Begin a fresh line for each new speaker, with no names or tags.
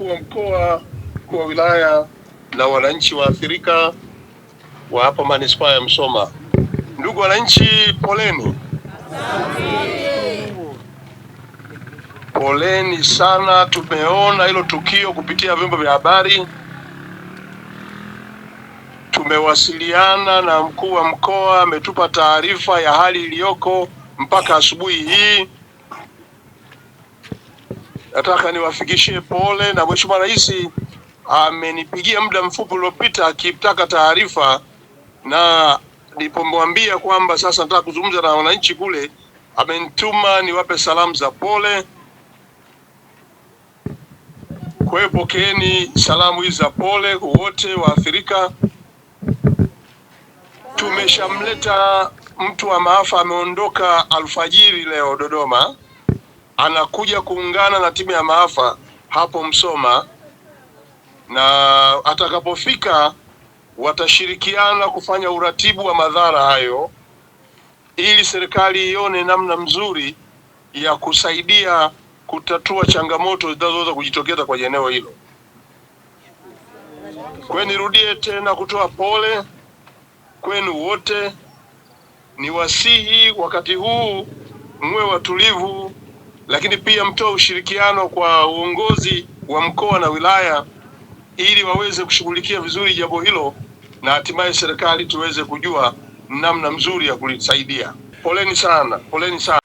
mkuu wa mkoa, mkuu wa wilaya na wananchi waathirika wa hapa manispaa ya Msoma. Ndugu wananchi, poleni, poleni sana. Tumeona hilo tukio kupitia vyombo vya habari, tumewasiliana na mkuu wa mkoa, ametupa taarifa ya hali iliyoko mpaka asubuhi hii. Nataka niwafikishie pole, na Mheshimiwa Rais amenipigia muda mfupi uliopita akitaka taarifa, na nilipomwambia kwamba sasa nataka kuzungumza na wananchi kule, amenituma niwape salamu za pole. Kwa hiyo pokeeni salamu hizi za pole wote waathirika. Tumeshamleta mtu wa maafa, ameondoka alfajiri leo Dodoma anakuja kuungana na timu ya maafa hapo Msoma, na atakapofika watashirikiana kufanya uratibu wa madhara hayo, ili serikali ione namna mzuri ya kusaidia kutatua changamoto zinazoweza kujitokeza kwenye eneo hilo. Kwa nirudie tena kutoa pole kwenu wote, niwasihi wakati huu mwe watulivu lakini pia mtoe ushirikiano kwa uongozi wa mkoa na wilaya ili waweze kushughulikia vizuri jambo hilo na hatimaye serikali tuweze kujua namna mzuri ya kulisaidia. Poleni sana, poleni sana.